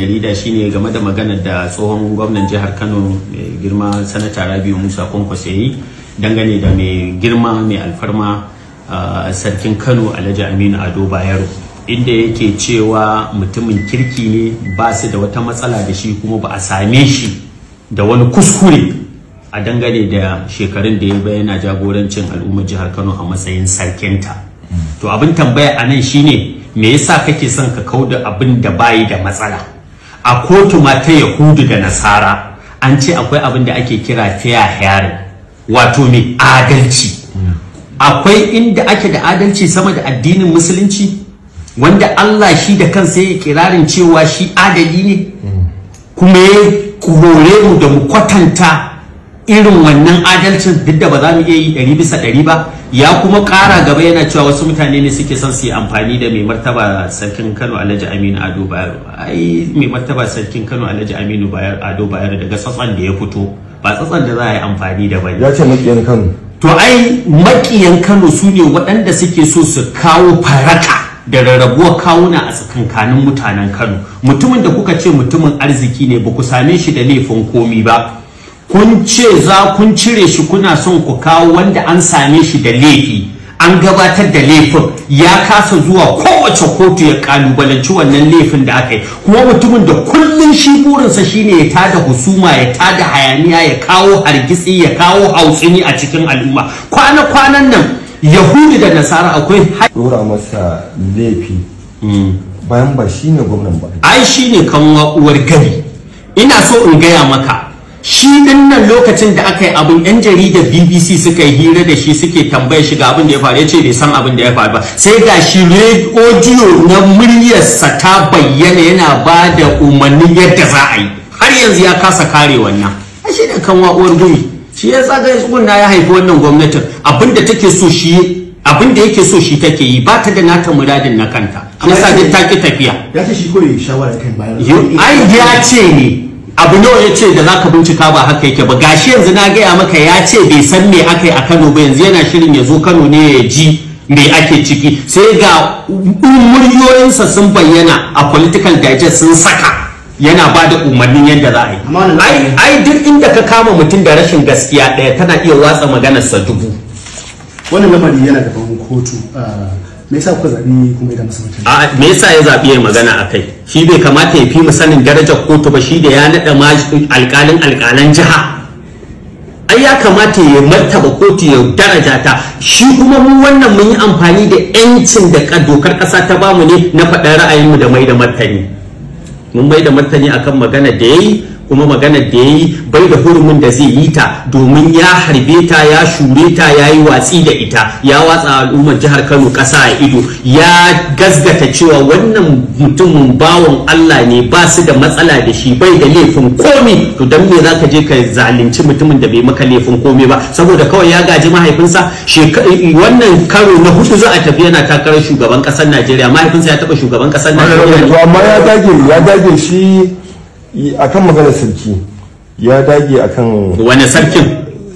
jarida ne game da maganar da tsohon gwamnan jihar kano mai girma sanata rabiu musa kwankwaso yi dangane da mai girma mai alfarma a sarkin kano alhaji aminu ado bayero inda yake cewa mutumin kirki ne ba su da wata matsala da shi kuma ba a same shi da wani kuskure a dangane da shekarun da ya yana jagorancin al'ummar jihar kano a matsayin sarkinta to abin tambaya a nan shine me yasa kake son ka kau kauda abin da bayi da matsala a kotu ma ta yahudu da nasara an ce akwai abin da ake kira fair hearing wato mai adalci akwai inda ake da adalci sama da addinin musulunci wanda Allah shi da kansa ya kirarin cewa shi adali ne kuma ya kurore mu da mu kwatanta irin wannan adalcin duk da ba za mu iya yi ɗari bisa ɗari ba ya kuma ƙara gaba yana cewa wasu mutane ne suke son su yi amfani da mai martaba sarkin kano alhaji aminu ado bayar ai mai martaba sarkin kano alhaji aminu bayar ado bayar daga tsatsan da ya fito ba tsatsan da za a yi amfani da bane ya ce maƙiyan kano to ai maƙiyan kano su ne waɗanda suke so su kawo faraka da rarrabuwar kawuna a tsakankanin mutanen kano mutumin da kuka ce mutumin arziki ne ba ku same shi da laifin komi ba kun ce za kun cire shi kuna son ku kawo wanda an same shi da laifi an gabatar da laifin ya kasa zuwa kowace kotu ya kalubalanci wannan laifin da aka yi kuma mutumin da kullum shi burinsa shine ya tada husuma ya tada hayaniya ya kawo hargitsi ya kawo hautsini a cikin al'umma kwana kwanan nan yahudi da nasara akwai dora masa laifi mm. bayan ba shine gwamnan ba ai shine kan uwar gari ina so in gaya maka shi din nan lokacin da aka yi abin yan jarida bbc suka yi hira da shi suke tambaya shi ga abin da ya faru ya ce bai san abin da ya faru ba sai ga shi rediyo na muryarsa ta bayyana yana ba da umarnin yadda za a yi har yanzu ya kasa kare wannan a shi da kan wa'uwar gumi shi ya tsaga na ya haifi wannan gwamnatin abin da take so shi abin da yake so shi take yi ba ta da nata muradin na kanta shi yasa ta ki tafiya ya ce shi ko shawara kan bayan ai ya ce ne abu nawa ya ce da za ka bincika ba haka yake ba gashi yanzu na gaya maka ya ce bai san me aka yi a kano ba yanzu yana shirin ya zo kano ne ya ji me ake ciki sai ga sa sun bayyana a political digest sun saka yana ba da umarnin yadda za a yi ai duk inda ka kama mutum da rashin gaskiya ɗaya tana iya watsa maganarsa dubu wannan lamari yana da kotu ah, me yasa kuka zabi kuma idan musu a me yasa ya zabi ya magana akai shi bai kamata ya fi mu sanin darajar kotu ba shi da ya naɗa alƙalin alƙalan jiha ai ya kamata ya martaba kotu ya daraja ta shi kuma mu wannan mun yi amfani da yancin da dokar ƙasa ta bamu ne na faɗin ra'ayinmu da mai da martani mun mai da martani akan magana da yayi kuma magana da ya yi bai da hurumin da zai yi ta domin ya harbe ta ya shure ta ya yi watsi da ita ya watsa al'ummar jihar kano kasa a ido ya gasgata cewa wannan mutumin bawan allah ne ba su da matsala da shi bai da laifin komi to don me zaka je ka zalunci mutumin da bai maka laifin komi ba saboda kawai ya gaji mahaifinsa wannan karo na hudu za a tafi yana takarar shugaban ƙasar najeriya mahaifinsa ya taba shugaban ƙasar najeriya amma ya dage shi akan maganar sarki ya dage akan wani sarkin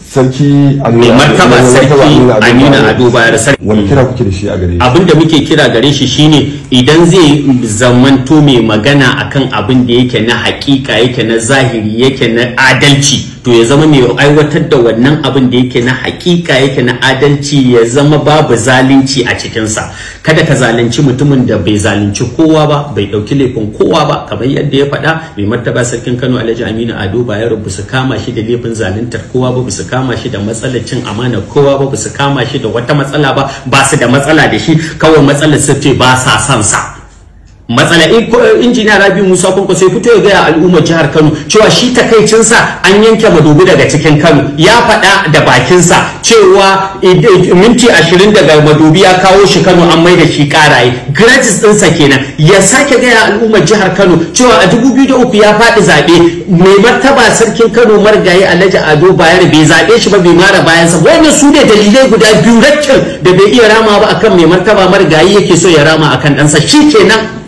sarki amina martaba sarki amina ado bayar sarki wani kira kuke da shi a gare shi abinda muke kira gare shi shine idan zai zamanto mai magana akan abin da yake na hakika yake na zahiri yake na adalci to ya zama mai aiwatar da wannan abin da yake na hakika yake na adalci ya zama babu zalunci a cikinsa kada ka zalunci mutumin da bai zalunci kowa ba bai ɗauki laifin kowa ba kamar yadda ya faɗa mai martaba sarkin kano alhaji aminu ado ba ya rubu su kama shi da laifin zaluntar kowa ba su kama shi da matsalar cin amana kowa ba su kama shi da wata matsala ba ba su da matsala da shi kawai matsalar su ce ba sa son sa matsala eh, injiniya rabi musa kwanko sai fito ya gaya al'ummar jihar kano cewa shi takaicinsa an yanke madubi daga cikin kano ya faɗa da bakinsa cewa minti ashirin daga madubi ya kawo shi kano an mai da shi karaye gratis ɗinsa kenan ya sake gaya al'ummar jihar kano cewa a dubu biyu da uku ya faɗi zaɓe mai martaba sarkin kano marigayi alhaji ado bayar bai zaɓe shi ba bai mara bayansa wannan su ne dalilai guda biyu rakin da bai iya rama ba akan mai martaba marigayi yake so ya rama akan ɗansa shi kenan